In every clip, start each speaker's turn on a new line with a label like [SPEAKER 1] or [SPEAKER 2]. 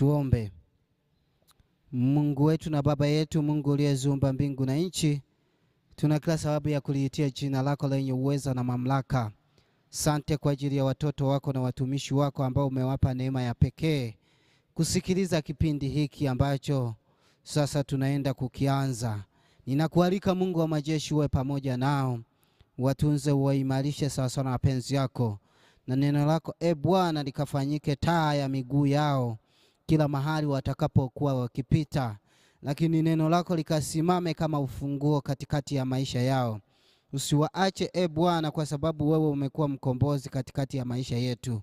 [SPEAKER 1] Tuombe. Mungu wetu na Baba yetu, Mungu uliyeziumba mbingu na nchi, tuna kila sababu ya kuliitia jina lako lenye uweza na mamlaka. Sante kwa ajili ya watoto wako na watumishi wako ambao umewapa neema ya pekee kusikiliza kipindi hiki ambacho sasa tunaenda kukianza. Ninakualika Mungu wa majeshi, uwe pamoja nao, watunze, uwaimarishe sawasawa na mapenzi yako, na neno lako e Bwana likafanyike taa ya miguu yao kila mahali watakapokuwa wakipita, lakini neno lako likasimame kama ufunguo katikati ya maisha yao. Usiwaache e Bwana, kwa sababu wewe umekuwa mkombozi katikati ya maisha yetu.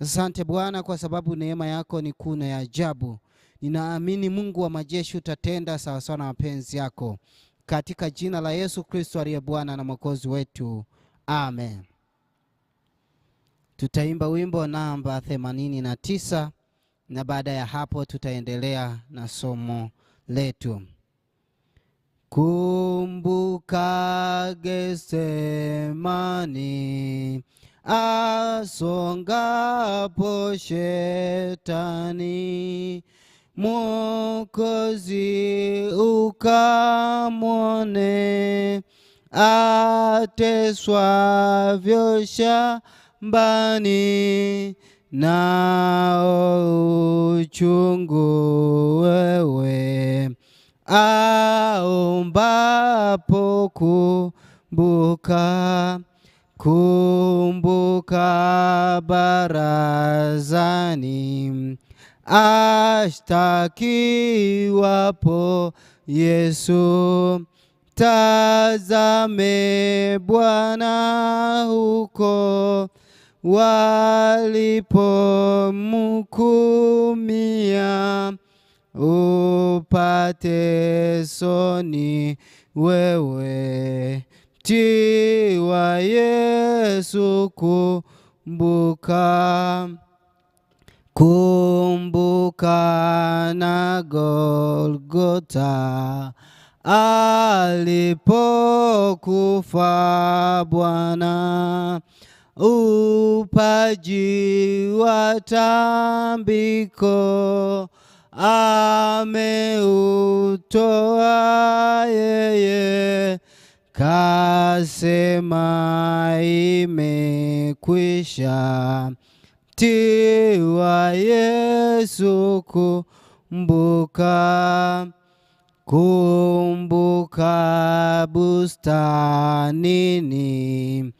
[SPEAKER 1] Asante Bwana, kwa sababu neema yako ni kuu na ya ajabu. Ninaamini Mungu wa majeshi utatenda sawasawa na mapenzi yako, katika jina la Yesu Kristo aliye Bwana na mwokozi wetu, amen. Tutaimba wimbo namba 89 na baada ya hapo tutaendelea na somo letu. Kumbuka gesemani asongapo Shetani, Mwokozi ukamwone, ateswavyo shambani na uchungu wewe aombapo kumbuka kumbuka barazani ashtakiwapo Yesu tazame Bwana huko walipomkumia, upate soni wewe, mtiwa Yesu kumbuka kumbuka na Golgota alipokufa Bwana upaji wa tambiko ameutoa yeye, kasema imekwisha. Tiwa Yesu kumbuka, kumbuka bustanini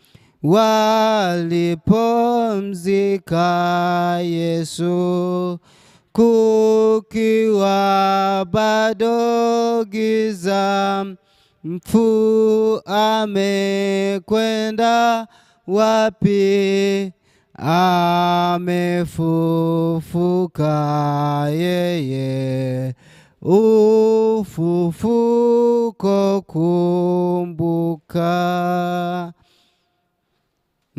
[SPEAKER 1] walipomzika Yesu, kukiwa bado giza, mfu amekwenda wapi? Amefufuka yeye, ufufuko kumbuka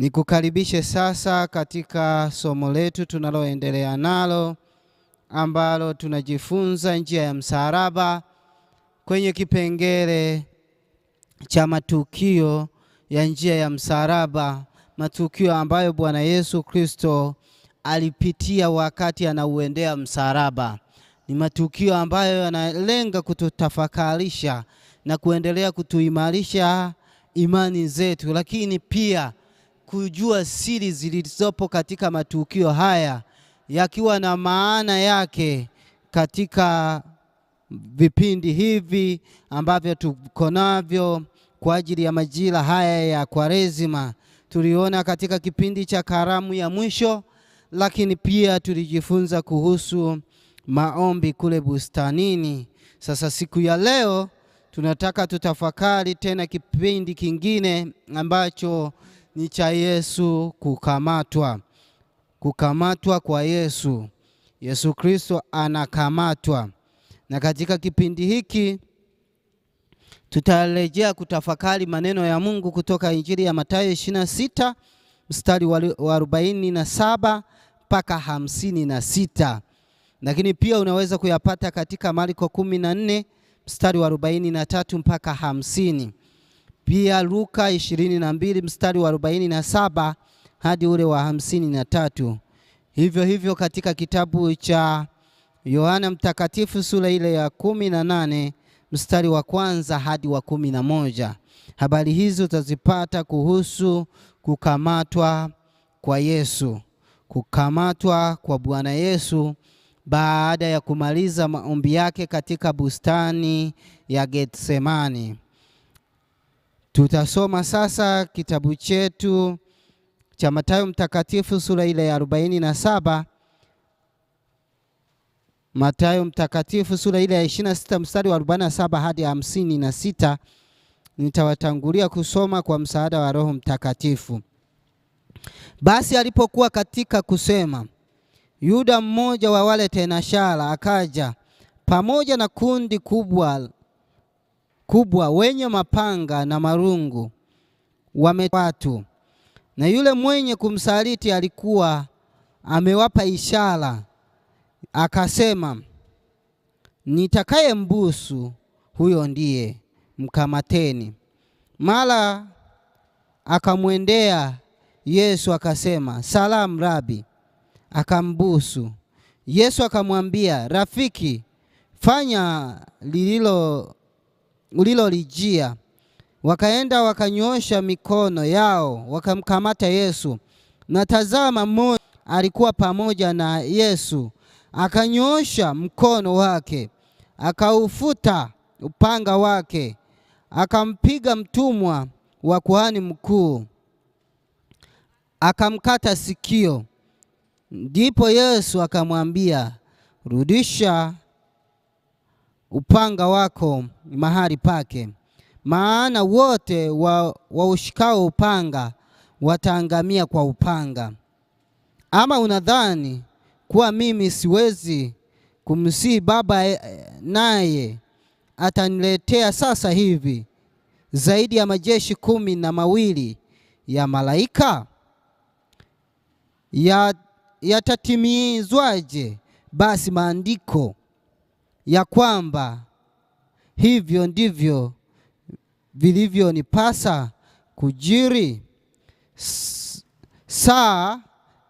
[SPEAKER 1] Nikukaribishe sasa katika somo letu tunaloendelea nalo ambalo tunajifunza njia ya msalaba kwenye kipengele cha matukio ya njia ya msalaba, matukio ambayo Bwana Yesu Kristo alipitia wakati anauendea msalaba. Ni matukio ambayo yanalenga kututafakarisha na kuendelea kutuimarisha imani zetu, lakini pia kujua siri zilizopo katika matukio haya yakiwa na maana yake katika vipindi hivi ambavyo tuko navyo kwa ajili ya majira haya ya Kwaresima. Tuliona katika kipindi cha karamu ya mwisho, lakini pia tulijifunza kuhusu maombi kule bustanini. Sasa siku ya leo tunataka tutafakari tena kipindi kingine ambacho ni cha Yesu kukamatwa, kukamatwa kwa Yesu. Yesu Kristo anakamatwa, na katika kipindi hiki tutarejea kutafakari maneno ya Mungu kutoka Injili ya Mathayo 26 mstari wa 47 mpaka 56, lakini pia unaweza kuyapata katika Marko 14 mstari wa 43 mpaka hamsini pia Luka 22 mstari wa 47 hadi ule wa hamsini na tatu. Hivyo hivyo katika kitabu cha Yohana Mtakatifu sura ile ya kumi na nane mstari wa kwanza hadi wa kumi na moja. Habari hizi utazipata kuhusu kukamatwa kwa Yesu, kukamatwa kwa Bwana Yesu baada ya kumaliza maombi yake katika bustani ya Getsemani. Tutasoma sasa kitabu chetu cha Mathayo Mtakatifu sura ile ya 47. Mathayo Mtakatifu sura ile ya 26 mstari wa 47 hadi 56. Nitawatangulia kusoma kwa msaada wa Roho Mtakatifu. Basi alipokuwa katika kusema, Yuda mmoja wa wale tenashara akaja pamoja na kundi kubwa kubwa wenye mapanga na marungu wame watu, na yule mwenye kumsaliti alikuwa amewapa ishara, akasema, nitakaye mbusu huyo ndiye mkamateni. Mara akamwendea Yesu akasema, salamu Rabi, akambusu. Yesu akamwambia, rafiki, fanya lililo ulilolijia. Wakaenda wakanyosha mikono yao wakamkamata Yesu, na tazama, mmoja alikuwa pamoja na Yesu akanyosha mkono wake, akaufuta upanga wake, akampiga mtumwa wa kuhani mkuu, akamkata sikio. Ndipo Yesu akamwambia, rudisha upanga wako mahali pake, maana wote wa, waushikao upanga wataangamia kwa upanga. Ama unadhani kuwa mimi siwezi kumsihi Baba eh, naye ataniletea sasa hivi zaidi ya majeshi kumi na mawili ya malaika? Yatatimizwaje ya basi maandiko ya kwamba hivyo ndivyo vilivyonipasa kujiri. Saa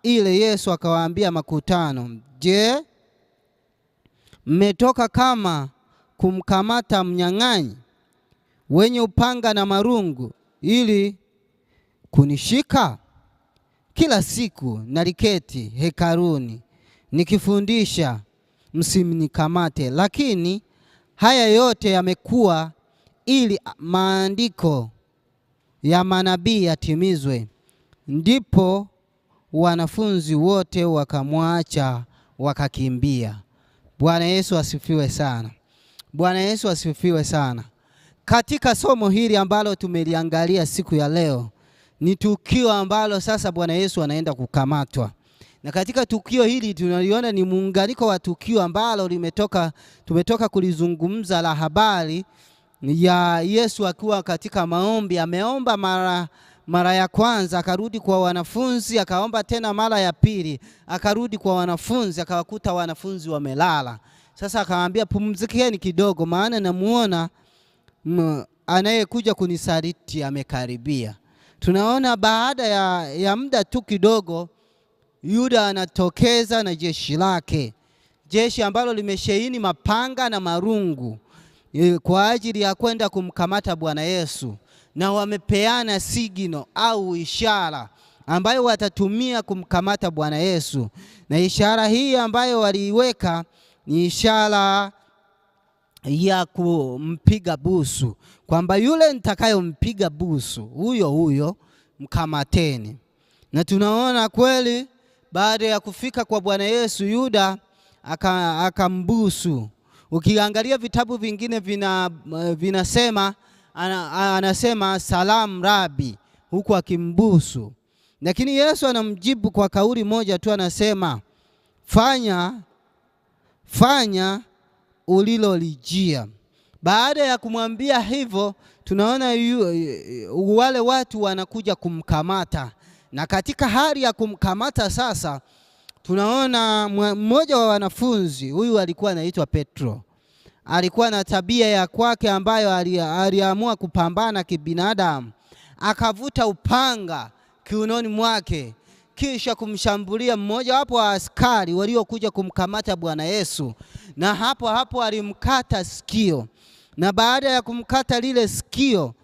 [SPEAKER 1] ile Yesu akawaambia makutano, je, mmetoka kama kumkamata mnyang'anyi wenye upanga na marungu ili kunishika? Kila siku naliketi hekaluni nikifundisha msimnikamate. Lakini haya yote yamekuwa ili maandiko ya manabii yatimizwe. Ndipo wanafunzi wote wakamwacha wakakimbia. Bwana Yesu asifiwe sana. Bwana Yesu asifiwe sana. Katika somo hili ambalo tumeliangalia siku ya leo, ni tukio ambalo sasa Bwana Yesu anaenda kukamatwa. Na katika tukio hili tunaliona ni muunganiko wa tukio ambalo limetoka, tumetoka kulizungumza la habari ya Yesu akiwa katika maombi. Ameomba mara mara ya kwanza akarudi kwa wanafunzi, akaomba tena mara ya pili, akarudi kwa wanafunzi, akawakuta wanafunzi wamelala. Sasa akamwambia pumzikeni kidogo, maana namuona anayekuja kunisaliti amekaribia. Tunaona baada ya, ya muda tu kidogo Yuda anatokeza na jeshi lake, jeshi ambalo limesheheni mapanga na marungu e, kwa ajili ya kwenda kumkamata Bwana Yesu, na wamepeana sigino au ishara ambayo watatumia kumkamata Bwana Yesu. Na ishara hii ambayo waliiweka ni ishara ya kumpiga busu, kwamba yule nitakayompiga busu huyo huyo mkamateni. Na tunaona kweli baada ya kufika kwa Bwana Yesu Yuda akambusu aka Ukiangalia vitabu vingine vina, vinasema anasema salamu rabi, huku akimbusu, lakini Yesu anamjibu kwa kauli moja tu, anasema fanya, fanya ulilolijia. Baada ya kumwambia hivyo, tunaona yu, wale watu wanakuja kumkamata na katika hali ya kumkamata sasa, tunaona mmoja wa wanafunzi huyu alikuwa anaitwa Petro, alikuwa na tabia ya kwake ambayo aliamua kupambana kibinadamu, akavuta upanga kiunoni mwake kisha kumshambulia mmoja wapo wa askari waliokuja kumkamata Bwana Yesu, na hapo hapo alimkata sikio, na baada ya kumkata lile sikio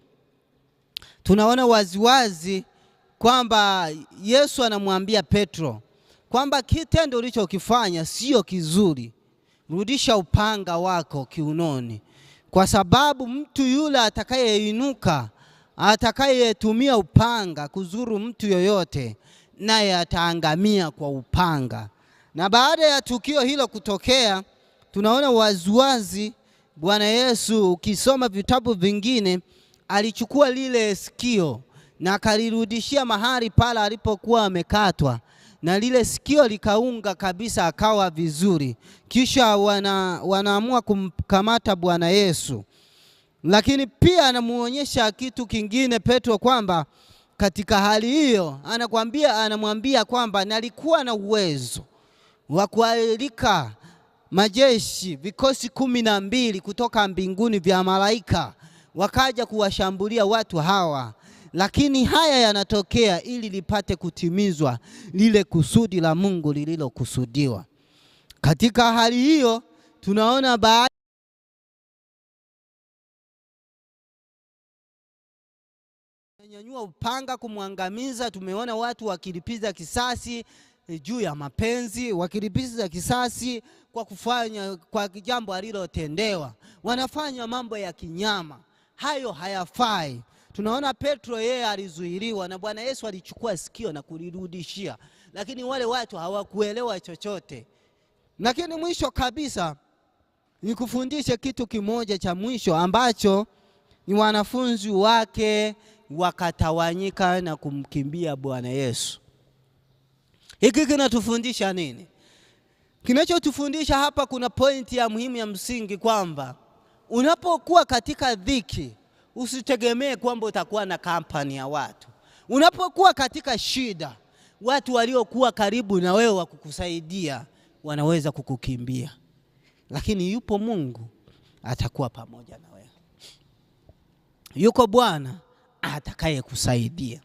[SPEAKER 1] tunaona waziwazi kwamba Yesu anamwambia Petro kwamba kitendo ulichokifanya sio kizuri, rudisha upanga wako kiunoni, kwa sababu mtu yule atakayeinuka, atakayetumia upanga kuzuru mtu yoyote, naye ataangamia kwa upanga. Na baada ya tukio hilo kutokea, tunaona waziwazi Bwana Yesu, ukisoma vitabu vingine, alichukua lile sikio na akalirudishia mahali pale alipokuwa amekatwa, na lile sikio likaunga kabisa, akawa vizuri. Kisha wana, wanaamua kumkamata Bwana Yesu, lakini pia anamuonyesha kitu kingine Petro kwamba katika hali hiyo anakwambia, anamwambia kwamba nalikuwa na uwezo wa kualika majeshi vikosi kumi na mbili kutoka mbinguni vya malaika wakaja kuwashambulia watu hawa, lakini haya yanatokea ili lipate kutimizwa lile kusudi la Mungu lililokusudiwa. Katika hali hiyo tunaona baadhi nyanyua upanga kumwangamiza. Tumeona watu wakilipiza kisasi e, juu ya mapenzi, wakilipiza kisasi kwa kufanya kwa jambo alilotendewa, wanafanya mambo ya kinyama. Hayo hayafai. Tunaona Petro yeye alizuiliwa na Bwana Yesu alichukua sikio na kulirudishia, lakini wale watu hawakuelewa chochote. Lakini mwisho kabisa nikufundishe kitu kimoja cha mwisho ambacho ni wanafunzi wake wakatawanyika na kumkimbia Bwana Yesu. Hiki kinatufundisha nini? Kinachotufundisha hapa, kuna pointi ya muhimu ya msingi kwamba unapokuwa katika dhiki Usitegemee kwamba utakuwa na kampani ya watu. Unapokuwa katika shida, watu waliokuwa karibu na wewe wakukusaidia wanaweza kukukimbia, lakini yupo Mungu atakuwa pamoja na wewe, yuko Bwana atakayekusaidia.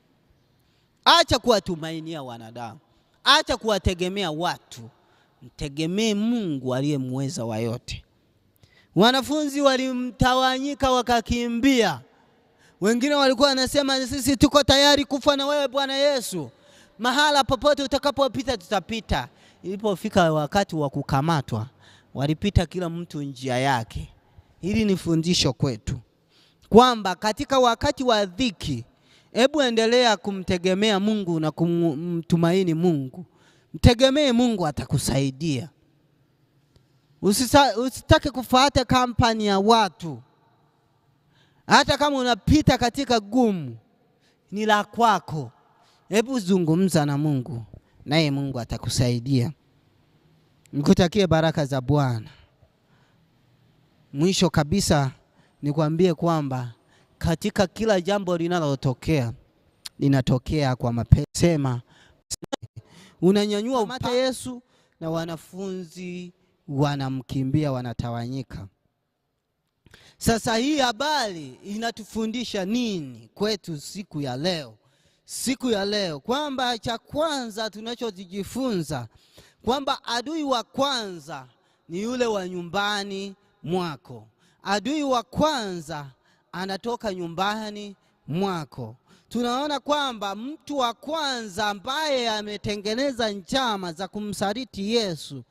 [SPEAKER 1] Acha kuwatumainia wanadamu, acha kuwategemea watu, mtegemee Mungu aliyemweza wa yote. Wanafunzi walimtawanyika wakakimbia, wengine walikuwa wanasema sisi tuko tayari kufa na wewe Bwana Yesu, mahala popote utakapopita tutapita. Ilipofika wakati wa kukamatwa, walipita kila mtu njia yake. Hili ni fundisho kwetu kwamba katika wakati wa dhiki, hebu endelea kumtegemea Mungu na kumtumaini Mungu. Mtegemee Mungu, atakusaidia usitake kufuata kampani ya watu, hata kama unapita katika gumu, ni la kwako. Hebu zungumza na Mungu, naye Mungu atakusaidia. Nikutakie baraka za Bwana. Mwisho kabisa, nikwambie kwamba katika kila jambo linalotokea linatokea kwa mapenzi unanyanyua mata Yesu na wanafunzi wanamkimbia, wanatawanyika. Sasa hii habari inatufundisha nini kwetu siku ya leo? Siku ya leo kwamba cha kwanza tunachojifunza kwamba adui wa kwanza ni yule wa nyumbani mwako. Adui wa kwanza anatoka nyumbani mwako. Tunaona kwamba mtu wa kwanza ambaye ametengeneza njama za kumsaliti Yesu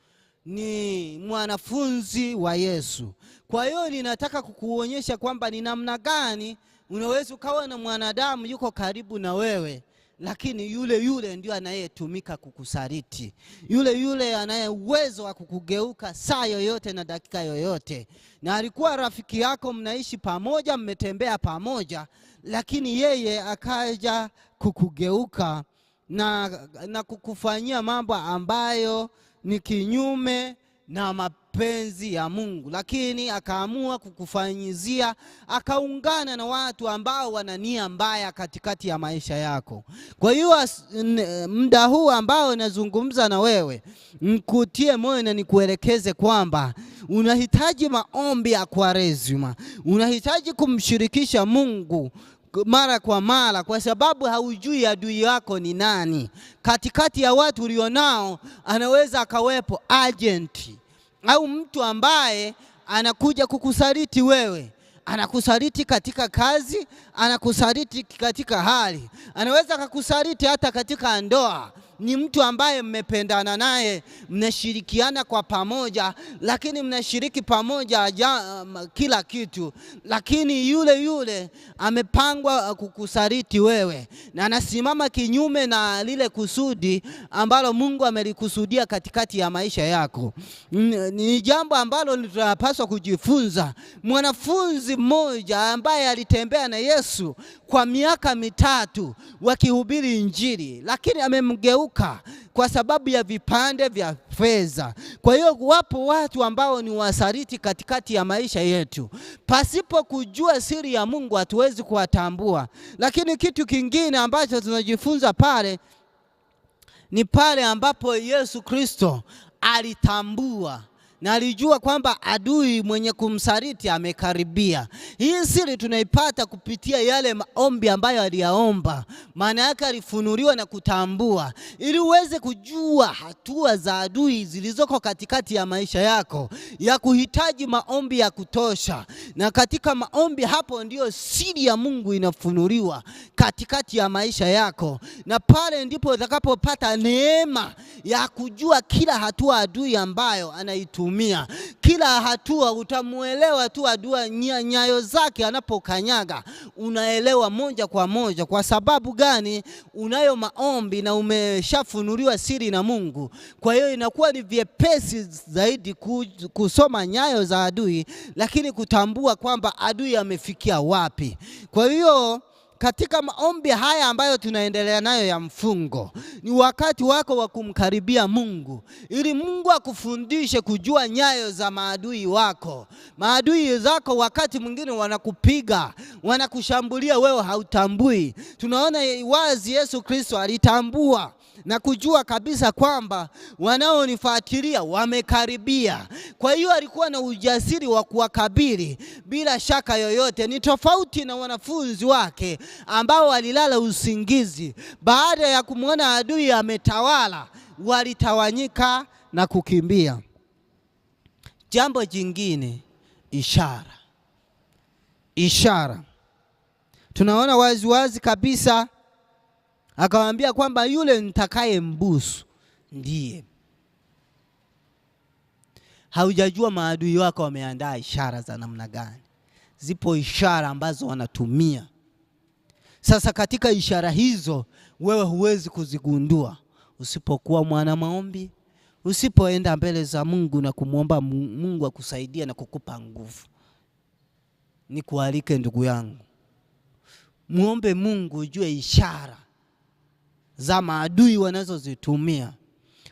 [SPEAKER 1] ni mwanafunzi wa Yesu. Kwa hiyo ninataka kukuonyesha kwamba ni namna gani unaweza ukawa na mwanadamu yuko karibu na wewe lakini yule yule ndio anayetumika kukusaliti, yule yule anaye uwezo wa kukugeuka saa yoyote na dakika yoyote. Na alikuwa rafiki yako, mnaishi pamoja, mmetembea pamoja, lakini yeye akaja kukugeuka na, na kukufanyia mambo ambayo ni kinyume na mapenzi ya Mungu, lakini akaamua kukufanyizia, akaungana na watu ambao wana nia mbaya katikati ya maisha yako. Kwa hiyo muda huu ambao nazungumza na wewe, nikutie moyo na nikuelekeze kwamba unahitaji maombi ya Kwaresima, unahitaji kumshirikisha Mungu mara kwa mara, kwa sababu haujui adui yako ni nani. Katikati ya watu ulionao anaweza akawepo ajenti au mtu ambaye anakuja kukusaliti wewe anakusaliti katika kazi, anakusaliti katika hali, anaweza akakusaliti hata katika ndoa ni mtu ambaye mmependana naye, mnashirikiana kwa pamoja, lakini mnashiriki pamoja ja, um, kila kitu, lakini yule yule amepangwa uh, kukusaliti wewe na anasimama kinyume na lile kusudi ambalo Mungu amelikusudia katikati ya maisha yako. Ni jambo ambalo tunapaswa kujifunza. Mwanafunzi mmoja ambaye alitembea na Yesu kwa miaka mitatu wakihubiri Injili, lakini amemgeuka kuanguka kwa sababu ya vipande vya fedha. Kwa hiyo wapo watu ambao ni wasaliti katikati ya maisha yetu, pasipo kujua siri ya Mungu hatuwezi kuwatambua. Lakini kitu kingine ambacho tunajifunza pale ni pale ambapo Yesu Kristo alitambua na alijua kwamba adui mwenye kumsaliti amekaribia. Hii siri tunaipata kupitia yale maombi ambayo aliyaomba. Maana yake alifunuliwa na kutambua, ili uweze kujua hatua za adui zilizoko katikati ya maisha yako, ya kuhitaji maombi ya kutosha. Na katika maombi hapo ndiyo siri ya Mungu inafunuliwa katikati ya maisha yako, na pale ndipo utakapopata neema ya kujua kila hatua adui ambayo anaitumia anaumia. Kila hatua utamwelewa tu adua nya nyayo zake anapokanyaga, unaelewa moja kwa moja. Kwa sababu gani? Unayo maombi na umeshafunuliwa siri na Mungu, kwa hiyo inakuwa ni vyepesi zaidi kusoma nyayo za adui, lakini kutambua kwamba adui amefikia wapi. Kwa hiyo katika maombi haya ambayo tunaendelea nayo ya mfungo, ni wakati wako wa kumkaribia Mungu ili Mungu akufundishe kujua nyayo za maadui wako. Maadui zako wakati mwingine wanakupiga, wanakushambulia, wewe hautambui. Tunaona wazi Yesu Kristo alitambua na kujua kabisa kwamba wanaonifuatilia wamekaribia. Kwa hiyo alikuwa na ujasiri wa kuwakabili bila shaka yoyote. Ni tofauti na wanafunzi wake ambao walilala usingizi baada ya kumwona adui ametawala, walitawanyika na kukimbia. Jambo jingine, ishara. Ishara tunaona waziwazi wazi kabisa akawaambia kwamba yule nitakaye mbusu ndiye. Haujajua maadui wako wameandaa ishara za namna gani? Zipo ishara ambazo wanatumia. Sasa katika ishara hizo wewe huwezi kuzigundua usipokuwa mwana maombi, usipoenda mbele za Mungu na kumwomba Mungu akusaidia na kukupa nguvu. Nikualike ndugu yangu, muombe Mungu ujue ishara za maadui wanazozitumia,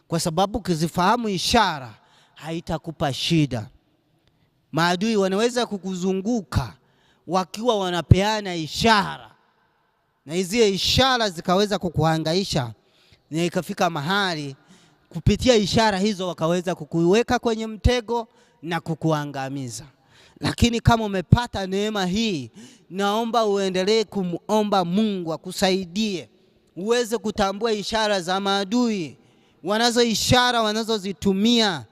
[SPEAKER 1] kwa sababu ukizifahamu ishara haitakupa shida. Maadui wanaweza kukuzunguka wakiwa wanapeana ishara, na hizi ishara zikaweza kukuhangaisha, na ikafika mahali kupitia ishara hizo wakaweza kukuweka kwenye mtego na kukuangamiza. Lakini kama umepata neema hii, naomba uendelee kumwomba Mungu akusaidie uweze kutambua ishara za maadui, wanazo ishara wanazozitumia.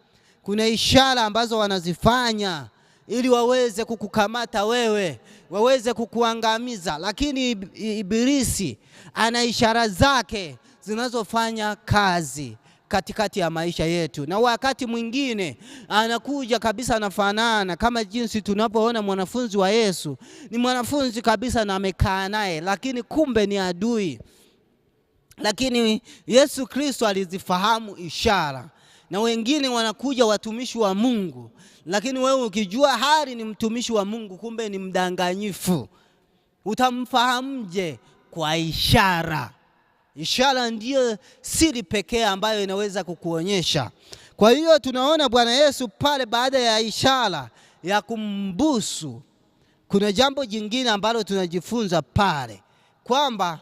[SPEAKER 1] Kuna ishara ambazo wanazifanya ili waweze kukukamata wewe, waweze kukuangamiza. Lakini Ibilisi ana ishara zake zinazofanya kazi katikati ya maisha yetu, na wakati mwingine anakuja kabisa, anafanana kama jinsi tunapoona mwanafunzi wa Yesu. Ni mwanafunzi kabisa na amekaa naye, lakini kumbe ni adui. Lakini Yesu Kristo alizifahamu ishara, na wengine wanakuja watumishi wa Mungu, lakini wewe ukijua hali ni mtumishi wa Mungu, kumbe ni mdanganyifu, utamfahamuje? Kwa ishara. Ishara ndiyo siri pekee ambayo inaweza kukuonyesha. Kwa hiyo tunaona Bwana Yesu pale, baada ya ishara ya kumbusu, kuna jambo jingine ambalo tunajifunza pale kwamba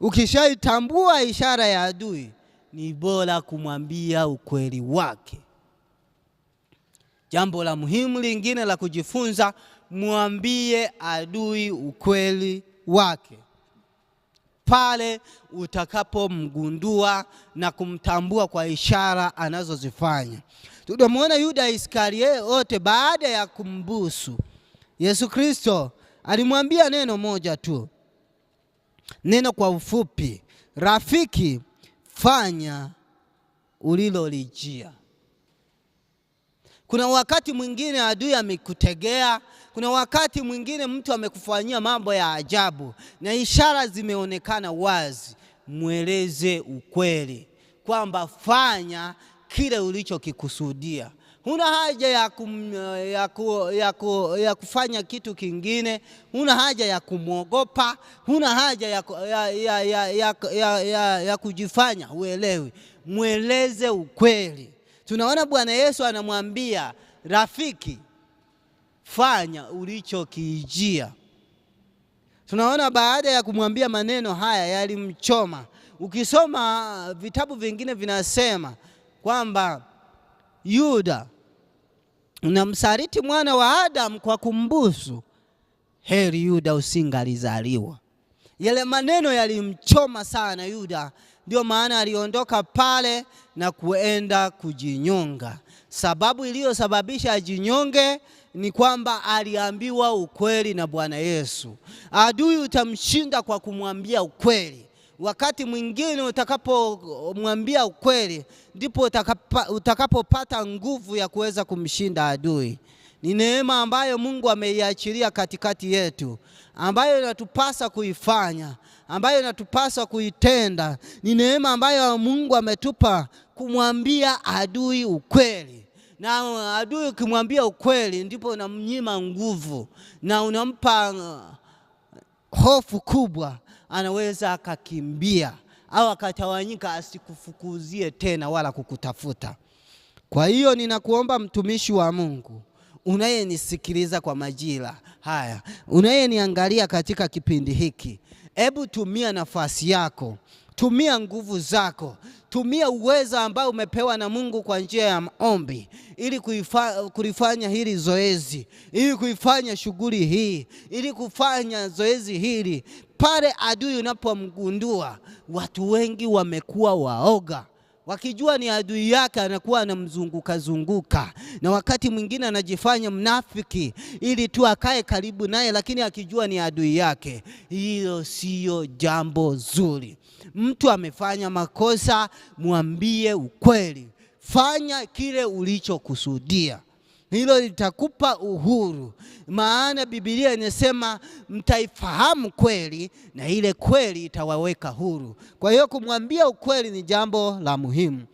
[SPEAKER 1] Ukishaitambua ishara ya adui, ni bora kumwambia ukweli wake. Jambo la muhimu lingine la kujifunza, mwambie adui ukweli wake pale utakapomgundua na kumtambua kwa ishara anazozifanya. Tunamwona Yuda Iskariote, baada ya kumbusu Yesu Kristo, alimwambia neno moja tu, Neno kwa ufupi, rafiki, fanya ulilolijia. Kuna wakati mwingine adui amekutegea, kuna wakati mwingine mtu amekufanyia mambo ya ajabu na ishara zimeonekana wazi. Mweleze ukweli kwamba fanya kile ulichokikusudia huna haja ya, kum, ya, ku, ya, ku, ya kufanya kitu kingine, huna haja ya kumwogopa, huna haja ya, ya, ya, ya, ya, ya, ya, ya kujifanya uelewi. Mweleze ukweli. Tunaona Bwana Yesu anamwambia rafiki, fanya ulichokiijia. Tunaona baada ya kumwambia maneno haya yalimchoma. Ukisoma vitabu vingine vinasema kwamba Yuda unamsariti mwana wa Adamu kwa kumbusu, heri Yuda usingalizaliwa. Yale maneno yalimchoma sana Yuda, ndio maana aliondoka pale na kuenda kujinyonga. Sababu iliyosababisha ajinyonge ni kwamba aliambiwa ukweli na Bwana Yesu. Adui utamshinda kwa kumwambia ukweli. Wakati mwingine utakapomwambia ukweli, ndipo utakapopata nguvu ya kuweza kumshinda adui. Ni neema ambayo Mungu ameiachilia katikati yetu, ambayo inatupasa kuifanya, ambayo inatupasa kuitenda. Ni neema ambayo Mungu ametupa kumwambia adui ukweli na adui ukimwambia ukweli, ndipo unamnyima nguvu na unampa uh, hofu kubwa anaweza akakimbia au akatawanyika, asikufukuzie tena wala kukutafuta. Kwa hiyo ninakuomba mtumishi wa Mungu unayenisikiliza kwa majira haya, unayeniangalia katika kipindi hiki, hebu tumia nafasi yako, tumia nguvu zako, tumia uwezo ambao umepewa na Mungu kwa njia ya maombi, ili kuifa, kulifanya hili zoezi, ili kuifanya shughuli hii, ili kufanya zoezi hili pale adui unapomgundua, watu wengi wamekuwa waoga wakijua ni adui yake, anakuwa anamzunguka zunguka, na wakati mwingine anajifanya mnafiki ili tu akae karibu naye, lakini akijua ni adui yake. Hilo siyo jambo zuri. Mtu amefanya makosa, mwambie ukweli, fanya kile ulichokusudia hilo litakupa uhuru, maana Biblia inasema mtaifahamu kweli na ile kweli itawaweka huru. Kwa hiyo kumwambia ukweli ni jambo la muhimu,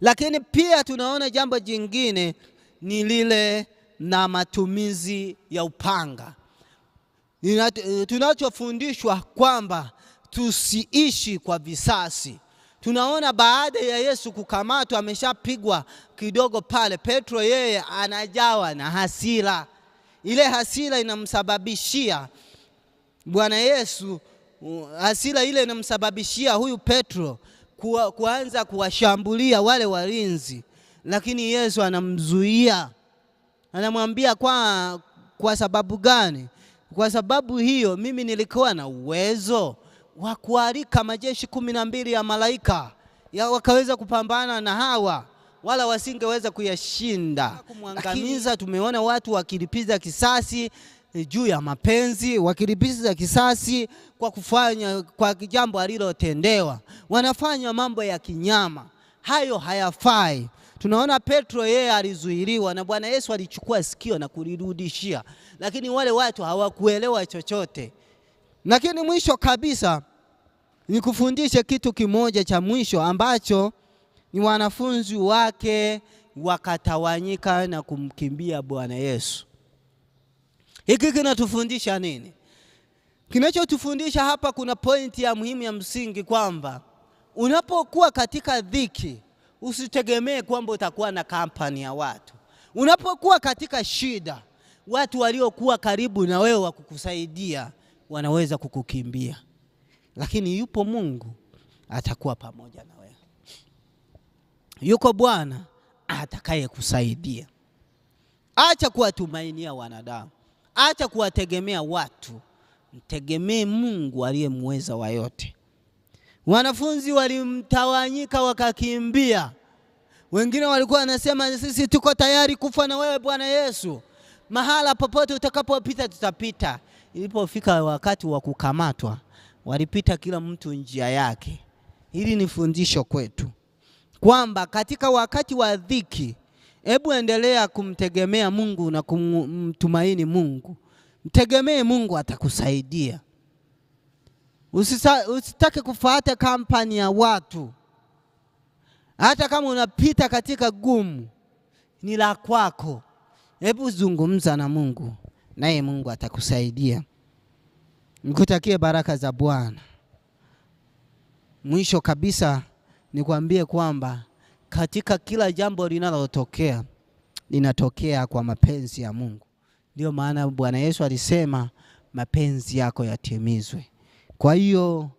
[SPEAKER 1] lakini pia tunaona jambo jingine ni lile na matumizi ya upanga. Tunachofundishwa kwamba tusiishi kwa visasi Tunaona baada ya Yesu kukamatwa, ameshapigwa kidogo pale, Petro yeye anajawa na hasira. Ile hasira inamsababishia Bwana Yesu, hasira ile inamsababishia huyu Petro kuanza kuwashambulia wale walinzi, lakini Yesu anamzuia, anamwambia kwa, kwa sababu gani? Kwa sababu hiyo mimi nilikuwa na uwezo wa kualika majeshi kumi na mbili ya malaika ya wakaweza kupambana na hawa wala wasingeweza kuyashinda, kumwangamiza. Tumeona watu wakilipiza kisasi eh, juu ya mapenzi, wakilipiza kisasi kwa kufanya kwa jambo alilotendewa, wanafanya mambo ya kinyama, hayo hayafai. Tunaona Petro yeye alizuiliwa na Bwana Yesu alichukua sikio na kulirudishia, lakini wale watu hawakuelewa chochote. Lakini mwisho kabisa nikufundishe kitu kimoja cha mwisho ambacho ni wanafunzi wake wakatawanyika na kumkimbia Bwana Yesu. Hiki kinatufundisha nini? Kinachotufundisha hapa, kuna pointi ya muhimu ya msingi kwamba unapokuwa katika dhiki usitegemee kwamba utakuwa na kampani ya watu. Unapokuwa katika shida, watu waliokuwa karibu na wewe wakukusaidia wanaweza kukukimbia, lakini yupo Mungu atakuwa pamoja na wewe. Yuko Bwana atakayekusaidia. Acha kuwatumainia wanadamu, acha kuwategemea watu, mtegemee Mungu aliyemweza wa yote. Wanafunzi walimtawanyika wakakimbia, wengine walikuwa wanasema sisi tuko tayari kufa na wewe Bwana Yesu mahala popote utakapopita tutapita. Ilipofika wakati wa kukamatwa, walipita kila mtu njia yake. Hili ni fundisho kwetu kwamba katika wakati wa dhiki, hebu endelea kumtegemea Mungu na kumtumaini Mungu. Mtegemee Mungu, atakusaidia. Usisa, usitake kufuata kampani ya watu. Hata kama unapita katika gumu, ni la kwako. Hebu zungumza na Mungu, naye Mungu atakusaidia. Nikutakie baraka za Bwana. Mwisho kabisa, nikwambie kwamba katika kila jambo linalotokea linatokea kwa mapenzi ya Mungu. Ndiyo maana Bwana Yesu alisema mapenzi yako yatimizwe. Kwa hiyo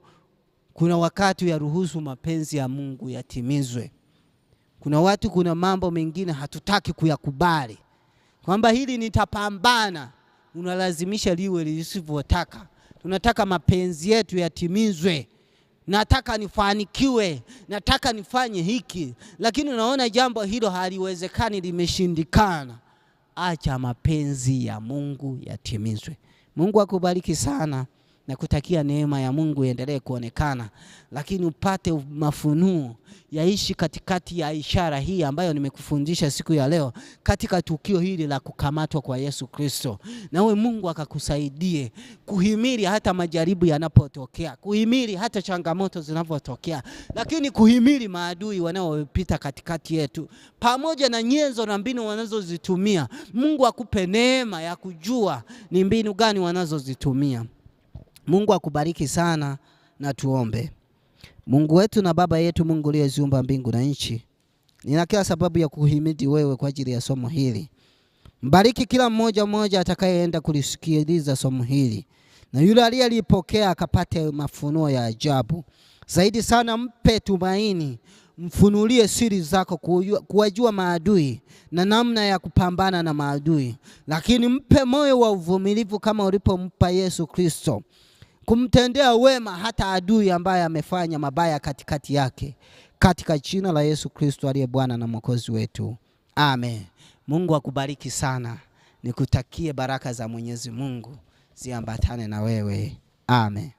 [SPEAKER 1] kuna wakati ya ruhusu mapenzi ya Mungu yatimizwe. Kuna watu, kuna mambo mengine hatutaki kuyakubali kwamba hili nitapambana, unalazimisha liwe lisivyotaka. Tunataka mapenzi yetu yatimizwe, nataka nifanikiwe, nataka nifanye hiki, lakini unaona jambo hilo haliwezekani, limeshindikana. Acha mapenzi ya Mungu yatimizwe. Mungu akubariki sana na kutakia neema ya Mungu iendelee kuonekana, lakini upate mafunuo yaishi katikati ya ishara hii ambayo nimekufundisha siku ya leo, katika tukio hili la kukamatwa kwa Yesu Kristo, nawe Mungu akakusaidie kuhimili hata majaribu yanapotokea, kuhimili hata changamoto zinavyotokea lakini kuhimili maadui wanaopita katikati yetu, pamoja na nyenzo na mbinu wanazozitumia. Mungu akupe neema ya kujua ni mbinu gani wanazozitumia. Mungu akubariki sana na tuombe. Mungu wetu na Baba yetu, Mungu uliyeziumba mbingu na nchi, nina kila sababu ya kuhimidi wewe kwa ajili ya somo hili. Mbariki kila mmoja mmoja atakayeenda kulisikiliza somo hili, na yule aliyelipokea akapate mafunuo ya ajabu zaidi sana. Mpe tumaini, mfunulie siri zako, kuwajua maadui na namna ya kupambana na maadui, lakini mpe moyo wa uvumilivu kama ulipompa Yesu Kristo kumtendea wema hata adui ambaye amefanya mabaya katikati yake, katika jina la Yesu Kristo aliye Bwana na Mwokozi wetu, amen. Mungu akubariki sana, nikutakie baraka za Mwenyezi Mungu ziambatane na wewe, amen.